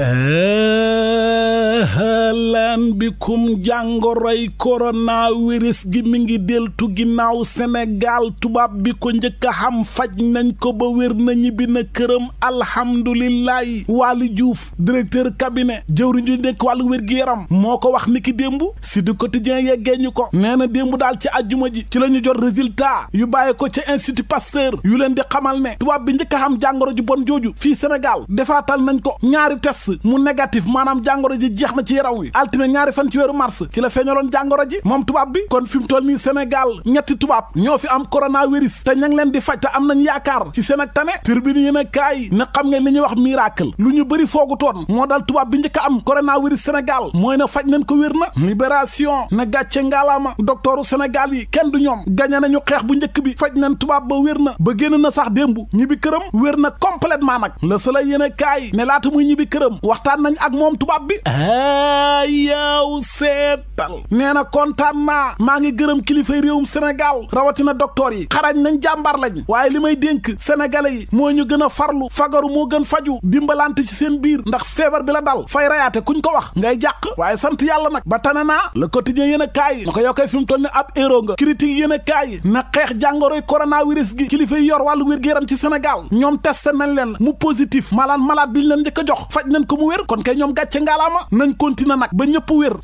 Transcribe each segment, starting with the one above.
Uh-huh. lan bikum jàngoroy coronavirus gi mi ngi deltu ginnaaw Sénégal tubaab bi ko njëkk a xam faj nañ ko ba wér na ñibbi na këram alhamdulilahi Waly Diouf directeur cabinet jëwriñ ju nekk wàllu wér gi yaram moo ko wax ni ki démb si du quotidien yeggee ñu ko nee na démb daal ci ajjuma ji ci la ñu jot résultat yu bàyyi ko ca institut Pasteur yu leen di xamal ne tubaab bi njëkk a xam jàngoro ju bon jooju fii Sénégal defaatal nañ ko ñaari test mu négatif maanaam jàngoro ji jeex na altine ñaari fan ci weeru mars ci la feeñaloon jàngoro ji moom tubaab bi kon fi mu toll nii Sénégal ñetti tubaab ñoo fi am coronavirus te ña ngi leen di faj te am nañ yaakaar ci seen ak tane turbine yéen a kaay na xam nga li ñuy wax miracle lu ñu bëri foogu toon moo dal tubaab bi njëkk a am coronavirus Sénégal mooy na faj nañ ko wér na libération na gàcce ngaalaama doktooru Sénégal yi kenn du ñoom gañe nañu xeex bu njëkk bi faj nañ tubaab ba wér na ba génn na sax démb ñibbi këram wér na complètement nag Le Soleil yéen a kaay ne laata muy ñibbi këram waxtaan nañ ak moom tubaab bi ah. yow seet dal nee na kontaan naa maa ngi gërëm kilifa kilifay réewum Sénégal rawatina docteur yi xarañ nañ jàmbar lañ waaye li may dénk sénégalais yi moo ñu gën a farlu fagaru moo gën faju dimbalante ci seen biir ndax feebar bi la dal fay rayaate kuñ ko wax ngay jàq waaye sant yàlla nag ba tane naa la quotidien yéen a kaay na ko yow koy fi mu toll ni ab héros nga critique yéen a kaay na xeex jàngoroy coronavirus gi kilifa yi yor wàllu wér-gu-yaram ci Sénégal ñoom testé nañ mu positif malaan malade bi ñu leen njëkk jox faj nañ ko mu wér kon ñoom gàcce ngaalaama nañ continuer nag ba ñëpp wér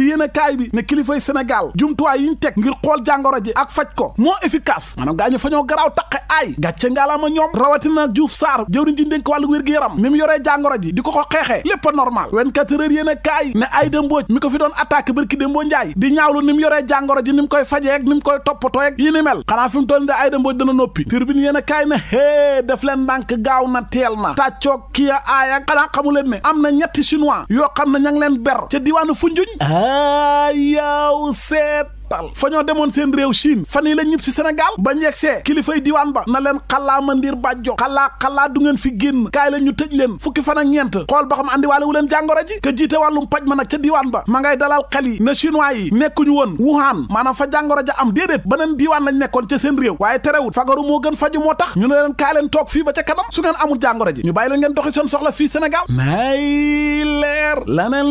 ci yéen a kaay bi ne kilifay Sénégal jumtuwaay yi ñu teg ngir xool jàngoro ji ak faj ko moo efficace maanaam gaa ñu fa ñoo garaaw taqe aay gàcce ngaalaama ñoom rawatina Diouf Sarr jëwriñ ji dénk wàllu wér gi yaram ni mu yoree jàngoro ji di ko ko xeexee lépp a normal 24 heures yéen a kaay ne Aïda Mbodj mi ko fi doon attaque bërki Dembo Njaay di ñaawlu ni mu yoree jàngoro ji ni mu koy fajee ak ni mu koy toppatoo ak yi ni xanaa fi mu toon de Aïda Mbodj dana noppi turbine yéen a kaay ne hee def leen ndànk gaaw na teel na tàccoog kii a xamu leen ne am na ñetti chinois yoo xam ne ña ngi leen ber ca diwaanu Foundiougne ah. yow seet tal fa ñoo demoon seen réew Chine fan yi la ñib si Sénégal ba ñu yegsee kilifay diwaan ba na leen xalaa mandir bàjjo xalaa xalaa du ngeen fi génn kaay la ñu tëj leen fukki fana ak ñeent xool ba xam andiwaale wu leen jàngoro ji ka jiite wàllum paj ma nag ca diwaan ba ma ngay dalal xel yi ne chinois yi nekkuñu woon Wuhan maanaam fa jàngoro ja am déedéet beneen diwaan lañ nekkoon ca seen réew waaye terewut fagaru moo gën faju moo tax ñu ne leen kaay leen toog fii ba ca kanam su ngeen amul jàngoro ji ñu bàyyi leen ngeen doxi seen soxla fii Sénégal may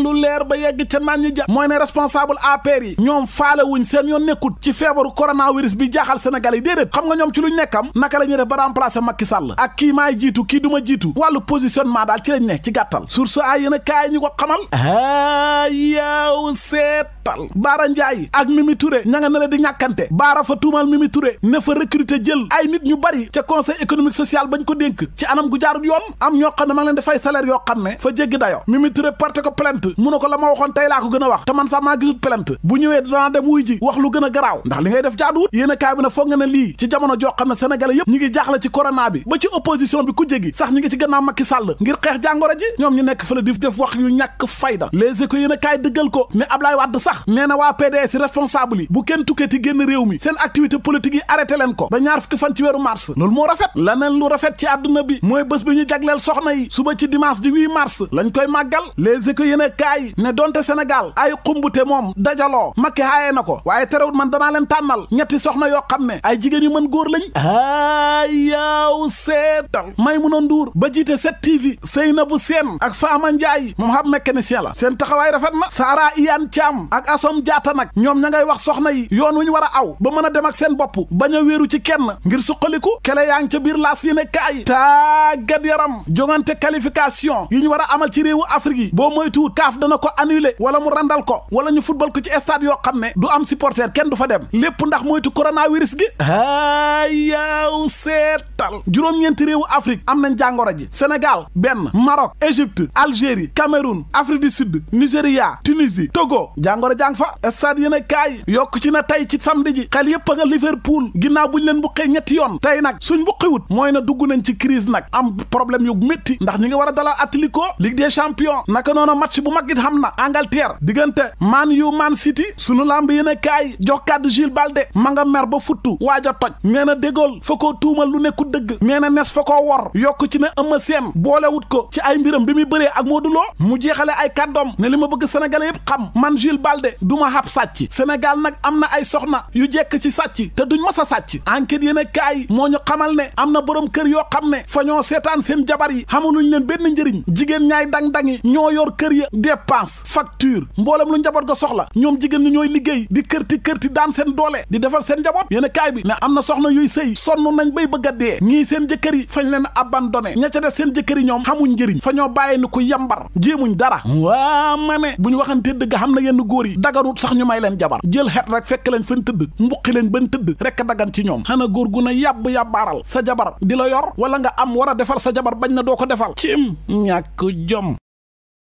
lu leer ba yegg ca naan mooy ne responsable APR yi ñoom faale seen yoon nekkut ci feebaru coronavirus bi jaaxal sénégal yi déedéet xam nga ñoom ci luñ nekkam naka la ñuy def ba remplacer Macky Sall ak kii maay jiitu kii du ma jiitu wàllu positionnement daal ci lañ ne ci gàttal source ay yéen kaay ñu ko xamal a yaaw gàttal Baara Ndiaye ak Mimi Touré ña nga ne la di ñàkkante Baara fa tuumal Mimi ne fa recruter jël ay nit ñu bari ca conseil économique social bañ ko dénk ci anam gu jaarul yoon am ñoo xam ne ma ngi leen di fay yoo xam ne fa jéggi dayo Mimi Touré ko plainte mu la ma waxoon tey laa a wax te man sax maa gisul plainte bu ñëwee danaa dem wuy ji wax lu gën a garaaw ndax li ngay def jaaduwut yéen a kaay bi ne foog nga ne lii ci jamono joo xam ne sénégalais ngi jaaxle ci corona bi ba ci opposition bi ku jégi sax ñu a sax wax na waa PDS responsable yi bu kenn tukkati génn réew mi seen activité politique yi arrêté leen ko ba ñaar fukki fan ci weeru mars loolu moo rafet laneen lu rafet ci àdduna bi mooy bés bi ñu jagleel soxna yi suba ci dimanche di 8 mars lañ koy màggal les éco yéen a kaay ne donte Sénégal ay xumbute moom dajaloo makki haayee na ko waaye terewut man danaa leen tànnal ñetti soxna yoo xam ne ay jigéen yu mën góor lañ a yaaw seetal Maimouna Ndour ba jiite 7TV Seynabou Sène ak Fama Ndiaye moom xam mécanicien la seen taxawaay rafet na Sara Iyane Thiam ak asom jaata nag ñoom ña ngay wax soxna yi yoon wu ñu war a aw ba mën a dem ak seen bopp bañ a wéeru ci kenn ngir suqaliku kele yaa ngi ca biir laas yi ne kaay tàggat yaram jongante qualification yi ñu war a amal ci réewu Afrique yi boo moytuwul kaaf dana ko annuler wala mu randal ko wala ñu football ko ci stade yoo xam ne du am supporter kenn du fa dem lépp ndax moytu coronavirus gi ayaw seetal juróom-ñeenti réewu Afrique am nañ jàngoro ji Sénégal benn Maroc Égypte Algérie Cameroun Afrique du Sud Nigeria Tunisie Togo jàngoro war a jàng fa stade yéen a kaay yokk ci na tey ci samedi ji xel yépp a nga Liverpool ginnaaw buñ leen mbuqee ñetti yoon tey nag suñ mbuqiwut mooy na dugg nañ ci crise nag am problème yu métti ndax ñi ngi war a dalal Atlético Ligue des champions naka noonu match bu mag xam na Angleterre diggante Man U Man City sunu lamb yéen a kaay jox kàddu Gilles Balde ma nga mer ba futtu waaj a toj nee na dégool fa koo tuumal lu nekkul dëgg nee na nes fa koo wor yokk ci ne Eumeu Sène boolewut ko ci ay mbiram bi muy bëree ak Modou Lo mu jeexale ay kàddoom ne li ma bëgg Sénégalais yëpp xam man Gilles Balde Sénégal de du ma xab sàcc Sénégal nag am na ay soxna yu jekk ci sàcc te duñ mas a sàcc enquête yéen a kaay moo ñu xamal ne am na borom kër yoo xam ne fañoo seetaan seen jabar yi xamaluñ leen benn njëriñ jigéen ñaay dang-dangi ñoo yor kër ya dépense facture mboolem lu njaboot ga soxla ñoom jigéen ñi ñooy liggéey di kërti kërti daan seen doole di defal seen njaboot yéen a kaay bi ne am na soxna yuy sëy sonn nañ bay bëgg a dee ñii seen jëkkër yi fañ leen abandonné ña ca des seen jëkkër yi ñoom xamuñ njëriñ fa ñoo bàyyi ni ku yambar jéemuñ dara waa ma ne bu ñu waxante xam na yenn góor yi daganut sax ñu may leen jabar jël xet rek fekk leen fan tëdd mbuqi leen ban tëdd rek dagan ci ñoom xana góor gu na yàbb yàbbaaral sa jabar di la yor wala nga am war a defal sa jabar bañ na doo ko defal cim ñàkk jom